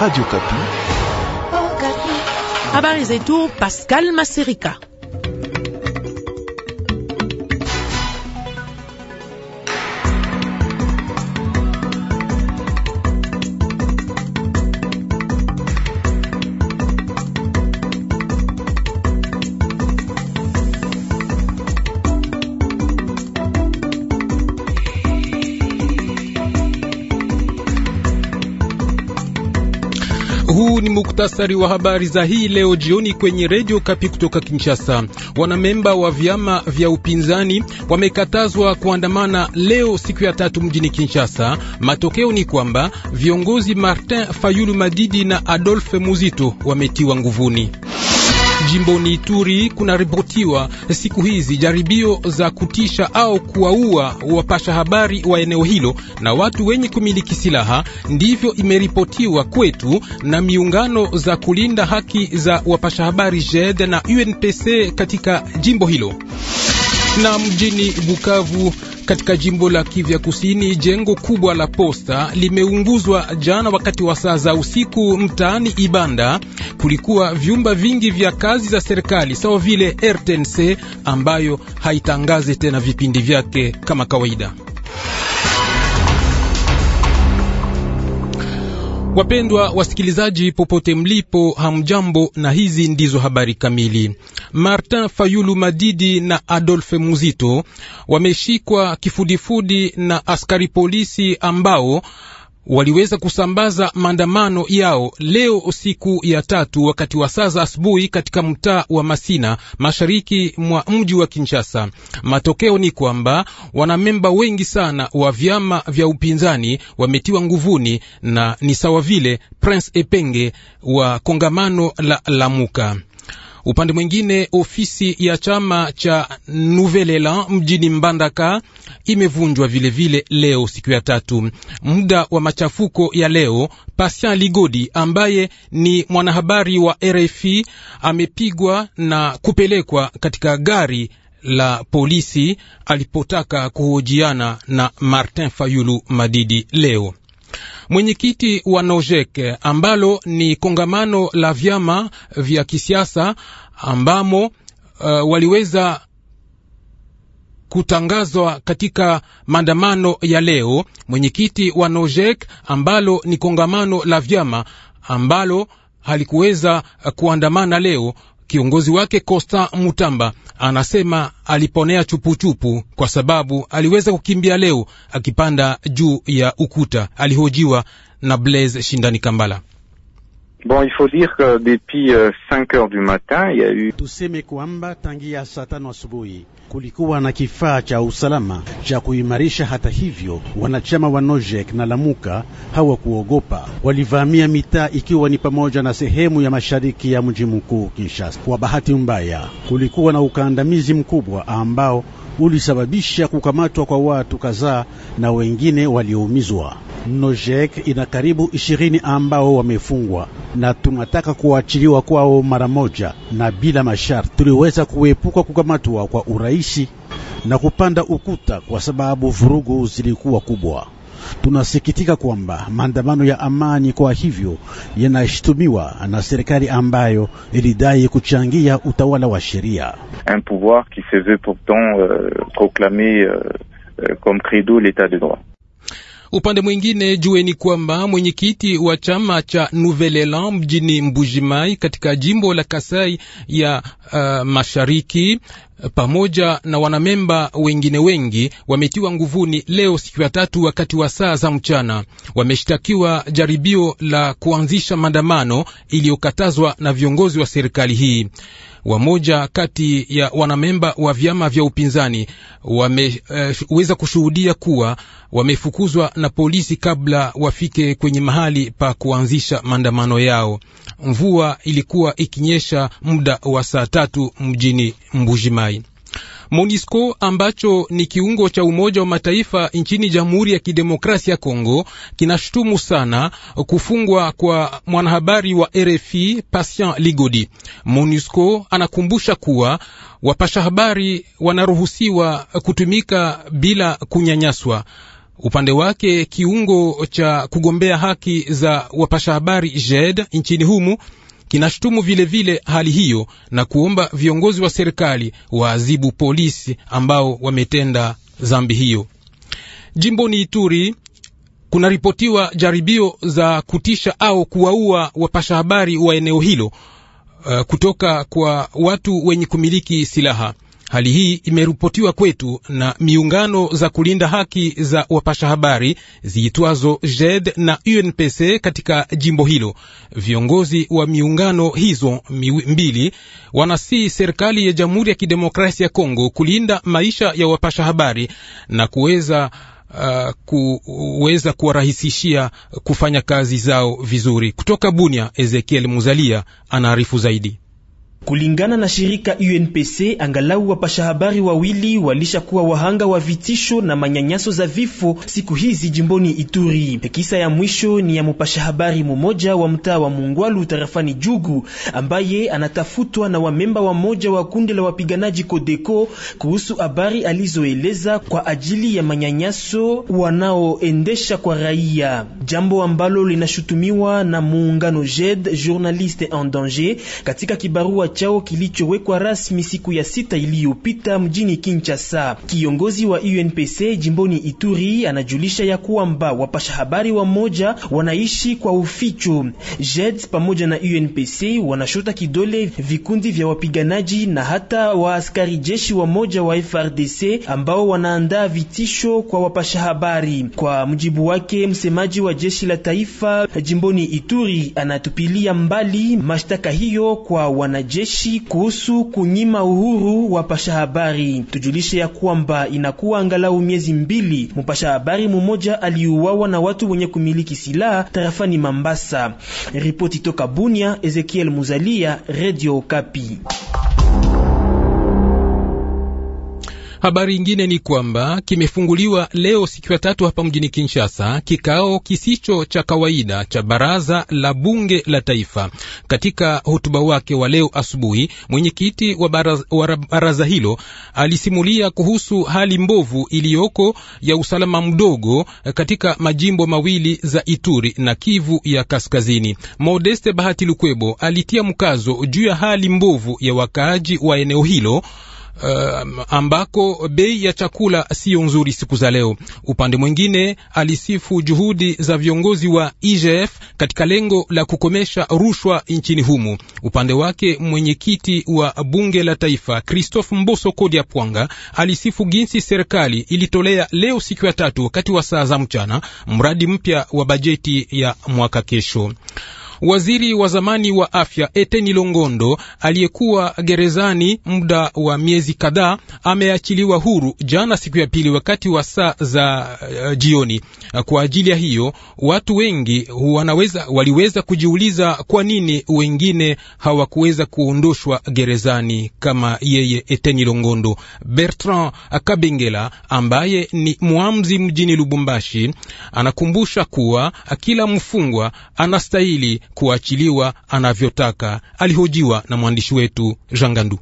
Radio oh, Kapi. Habari zetu Pascal Masirika. Muktasari wa habari za hii leo jioni kwenye redio Kapi kutoka Kinshasa. Wanamemba wa vyama vya upinzani wamekatazwa kuandamana leo siku ya tatu mjini Kinshasa. Matokeo ni kwamba viongozi Martin Fayulu Madidi na Adolphe Muzito wametiwa nguvuni. Jimboni Ituri kunaripotiwa siku hizi jaribio za kutisha au kuwaua wapasha habari wa eneo hilo na watu wenye kumiliki silaha. Ndivyo imeripotiwa kwetu na miungano za kulinda haki za wapasha habari JED na UNPC katika jimbo hilo na mjini Bukavu katika jimbo la Kivya Kusini, jengo kubwa la posta limeunguzwa jana wakati wa saa za usiku mtaani Ibanda. Kulikuwa vyumba vingi vya kazi za serikali sawa vile RTNC ambayo haitangaze tena vipindi vyake kama kawaida. Wapendwa wasikilizaji, popote mlipo, hamjambo, na hizi ndizo habari kamili. Martin Fayulu Madidi na Adolphe Muzito wameshikwa kifudifudi na askari polisi ambao waliweza kusambaza maandamano yao leo siku ya tatu wakati wa saa za asubuhi katika mtaa wa Masina mashariki mwa mji wa Kinshasa. Matokeo ni kwamba wanamemba wengi sana wa vyama vya upinzani wametiwa nguvuni na ni sawa vile Prince Epenge wa kongamano la Lamuka. Upande mwingine, ofisi ya chama cha Nouvel Elan mjini Mbandaka imevunjwa vilevile leo siku ya tatu. Muda wa machafuko ya leo, Patient Ligodi ambaye ni mwanahabari wa RFI amepigwa na kupelekwa katika gari la polisi alipotaka kuhojiana na Martin Fayulu Madidi leo. Mwenyekiti wa Nojek ambalo ni kongamano la vyama vya kisiasa ambamo uh, waliweza kutangazwa katika maandamano ya leo. Mwenyekiti wa Nojek ambalo ni kongamano la vyama ambalo halikuweza kuandamana leo, kiongozi wake Costa Mutamba anasema aliponea chupuchupu chupu kwa sababu aliweza kukimbia leo akipanda juu ya ukuta. Alihojiwa na Blaise Shindani Kambala. Bon, il faut dire que depuis euh, 5 heures du matin, il y a eu tuseme kwamba tangi ya tano asubuhi kulikuwa na kifaa cha usalama cha kuimarisha. Hata hivyo, wanachama wa Nojek na Lamuka hawakuogopa, walivamia mitaa ikiwa ni pamoja na sehemu ya mashariki ya mji mkuu Kinshasa. Kwa bahati mbaya, kulikuwa na ukandamizi mkubwa ambao ulisababisha kukamatwa kwa watu kadhaa na wengine waliumizwa Nojek ina karibu ishirini ambao wamefungwa na tunataka kuachiliwa kwao mara moja na bila masharti. Tuliweza kuepuka kukamatwa kwa urahisi na kupanda ukuta kwa sababu vurugu zilikuwa kubwa. Tunasikitika kwamba maandamano ya amani kwa hivyo yanashtumiwa na serikali ambayo ilidai kuchangia utawala wa sheria, un pouvoir qui se veut pourtant euh, proclamer euh, euh, comme credo l'etat de droit. Upande mwingine, jueni kwamba mwenyekiti wa chama cha Nouvel Elan mjini Mbujimai katika jimbo la Kasai ya uh, Mashariki pamoja na wanamemba wengine wengi wametiwa nguvuni leo siku ya tatu wakati wa saa za mchana. Wameshtakiwa jaribio la kuanzisha maandamano iliyokatazwa na viongozi wa serikali hii. Wamoja kati ya wanamemba wa vyama vya upinzani wameweza eh, kushuhudia kuwa wamefukuzwa na polisi kabla wafike kwenye mahali pa kuanzisha maandamano yao mvua ilikuwa ikinyesha muda wa saa tatu mjini Mbujimai. MONUSCO ambacho ni kiungo cha Umoja wa Mataifa nchini Jamhuri ya Kidemokrasia ya Kongo kinashutumu sana kufungwa kwa mwanahabari wa RFI Patient Ligodi. MONUSCO anakumbusha kuwa wapasha habari wanaruhusiwa kutumika bila kunyanyaswa. Upande wake kiungo cha kugombea haki za wapasha habari JED nchini humu kinashutumu vilevile hali hiyo na kuomba viongozi wa serikali waazibu polisi ambao wametenda dhambi hiyo. Jimboni Ituri kunaripotiwa jaribio za kutisha au kuwaua wapasha habari wa eneo hilo, uh, kutoka kwa watu wenye kumiliki silaha. Hali hii imeripotiwa kwetu na miungano za kulinda haki za wapasha habari ziitwazo JED na UNPC katika jimbo hilo. Viongozi wa miungano hizo mbili wanasii serikali ya Jamhuri ya Kidemokrasia ya Kongo kulinda maisha ya wapasha habari na kuweza Uh, kuweza kuwarahisishia kufanya kazi zao vizuri. Kutoka Bunia, Ezekiel Muzalia anaarifu zaidi. Kulingana na shirika UNPC, angalau wapasha habari wawili walishakuwa wahanga wa vitisho na manyanyaso za vifo siku hizi jimboni Ituri. Kisa ya mwisho ni ya mupasha habari mumoja wa mtaa wa Mungwalu tarafani Jugu, ambaye anatafutwa na wamemba wa moja wa kundi la wapiganaji Kodeko kuhusu habari alizoeleza kwa ajili ya manyanyaso wanaoendesha kwa raia, jambo ambalo linashutumiwa na muungano JED Journaliste en Danger katika kibarua kibarua chao kilichowekwa rasmi siku ya sita iliyopita mjini Kinshasa. Kiongozi wa UNPC jimboni Ituri anajulisha ya kwamba wapasha habari wa moja wanaishi kwa uficho. JEDS pamoja na UNPC wanashota kidole vikundi vya wapiganaji na hata waaskari jeshi wa moja wa FRDC ambao wanaandaa vitisho kwa wapasha habari. Kwa mujibu wake, msemaji wa jeshi la taifa jimboni Ituri anatupilia mbali mashtaka hiyo kwa wanajeshi jeshi kuhusu kunyima uhuru wa pasha habari. Tujulishe ya kwamba inakuwa angalau miezi mbili mpasha habari mmoja aliuawa na watu wenye kumiliki silaha tarafani Mambasa. Ripoti toka Bunia, Ezekiel Muzalia, Radio Kapi. Habari ingine ni kwamba kimefunguliwa leo siku ya tatu hapa mjini Kinshasa kikao kisicho cha kawaida cha baraza la bunge la taifa. Katika hotuba wake wa leo asubuhi, mwenyekiti wa baraza, wa baraza hilo alisimulia kuhusu hali mbovu iliyoko ya usalama mdogo katika majimbo mawili za Ituri na Kivu ya Kaskazini. Modeste Bahati Lukwebo alitia mkazo juu ya hali mbovu ya wakaaji wa eneo hilo uh, ambako bei ya chakula siyo nzuri siku za leo. Upande mwingine, alisifu juhudi za viongozi wa IGF katika lengo la kukomesha rushwa nchini humu. Upande wake, mwenyekiti wa bunge la taifa Christophe Mboso Kodia Pwanga alisifu jinsi serikali ilitolea leo siku ya tatu wakati wa saa za mchana mradi mpya wa bajeti ya mwaka kesho. Waziri wa zamani wa afya Eteni Longondo aliyekuwa gerezani muda wa miezi kadhaa ameachiliwa huru jana siku ya pili wakati wa saa za uh, jioni. Kwa ajili ya hiyo watu wengi wanaweza, waliweza kujiuliza kwa nini wengine hawakuweza kuondoshwa gerezani kama yeye Eteni Longondo. Bertrand Kabengela ambaye ni mwamzi mjini Lubumbashi anakumbusha kuwa kila mfungwa anastahili kuachiliwa anavyotaka, alihojiwa na mwandishi wetu Jangandu.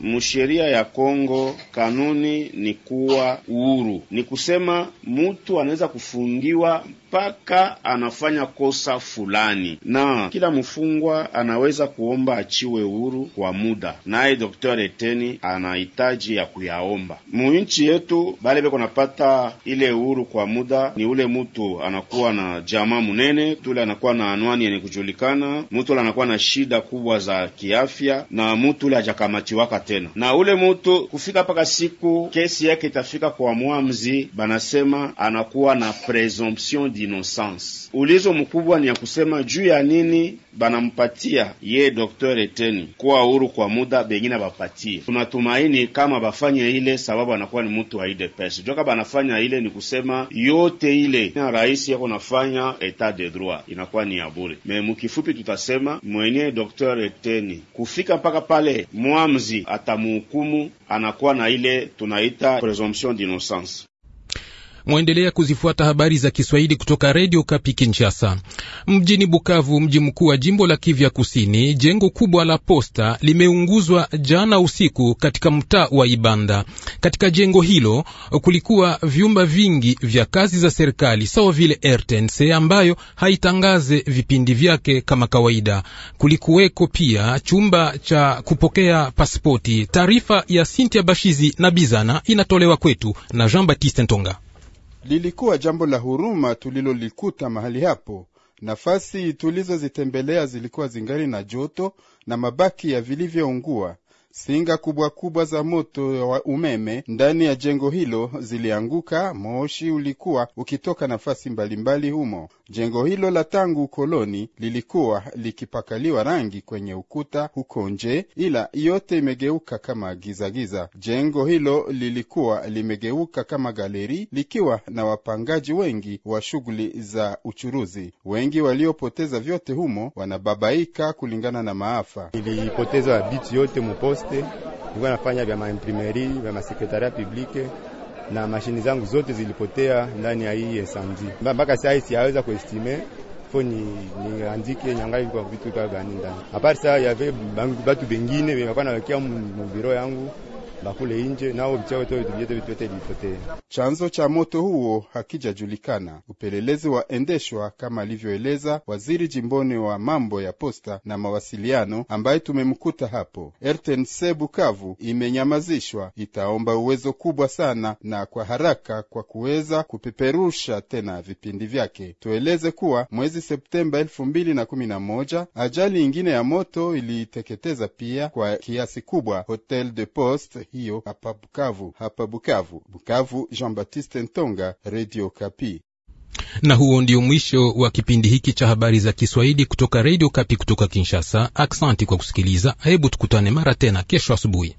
Msheria ya Kongo kanuni ni kuwa uhuru, ni kusema mutu anaweza kufungiwa mpaka anafanya kosa fulani, na kila mfungwa anaweza kuomba achiwe huru kwa muda, naye Dokter Eteni anahitaji ya kuyaomba. Muinchi yetu bale beko napata ile huru kwa muda ni ule mutu anakuwa na jamaa munene, tule anakuwa na anwani yenye kujulikana, mutu ule anakuwa na shida kubwa za kiafya, na mutu ule ajakamatiwaka tena, na ule mutu kufika mpaka siku kesi yake itafika kwa mwamzi, banasema anakuwa na presumption Innocence. Ulizo mkubwa ni ya kusema juu ya nini banampatia ye Dr. Eteni kuwa huru kwa muda, bengine bapatie. Tunatumaini kama bafanye ile, sababu anakuwa ni mtu wa UDPS. Joka banafanya ile ni kusema yote ile na rais yako nafanya etat de droit inakuwa ni ya bure. Me mukifupi tutasema mwenye Dr. Eteni kufika mpaka pale mwamzi atamuhukumu, anakuwa na ile tunaita presumption d'innocence mwaendelea kuzifuata habari za Kiswahili kutoka Redio Kapi Kinshasa. Mjini Bukavu, mji mkuu wa jimbo la Kivya Kusini, jengo kubwa la posta limeunguzwa jana usiku katika mtaa wa Ibanda. Katika jengo hilo kulikuwa vyumba vingi vya kazi za serikali sawa vile RTNC ambayo haitangaze vipindi vyake kama kawaida. Kulikuweko pia chumba cha kupokea pasipoti. Taarifa ya Sintia Bashizi na Bizana inatolewa kwetu na Jean Baptiste Ntonga. Lilikuwa jambo la huruma tulilolikuta mahali hapo. Nafasi tulizozitembelea zilikuwa zingali na joto na mabaki ya vilivyoungua. Singa kubwa kubwa za moto wa umeme ndani ya jengo hilo zilianguka. Moshi ulikuwa ukitoka nafasi mbalimbali humo. Jengo hilo la tangu ukoloni lilikuwa likipakaliwa rangi kwenye ukuta huko nje, ila yote imegeuka kama gizagiza giza. Jengo hilo lilikuwa limegeuka kama galeri, likiwa na wapangaji wengi wa shughuli za uchuruzi. Wengi waliopoteza vyote humo wanababaika kulingana na maafa. Ilipoteza yote universite, nilikuwa nafanya vya maimprimeri vya masekretaria publike na mashini zangu zote zilipotea ndani ya hii esanzi. Mpaka sasa siyaweza kuestime fo ni niandike nyangali kwa vitu ka gani ndani. Apart saa yave batu bengine venakwa nawekia mubiro yangu na kule nje nao vichawi Chanzo cha moto huo hakijajulikana. Upelelezi waendeshwa kama alivyoeleza waziri jimboni wa mambo ya posta na mawasiliano, ambaye tumemkuta hapo. RTNC Bukavu imenyamazishwa, itaomba uwezo kubwa sana na kwa haraka kwa kuweza kupeperusha tena vipindi vyake. Tueleze kuwa mwezi Septemba elfu mbili na moja ajali ingine ya moto iliiteketeza pia kwa kiasi kubwa Hotel de Poste hiyo hapa Bukavu. Hapa Bukavu, Bukavu, Jean Baptiste Ntonga, Radio Kapi. Na huo ndio mwisho wa kipindi hiki cha habari za Kiswahili kutoka Radio Kapi kutoka Kinshasa. Aksanti kwa kusikiliza. Hebu tukutane mara tena kesho asubuhi.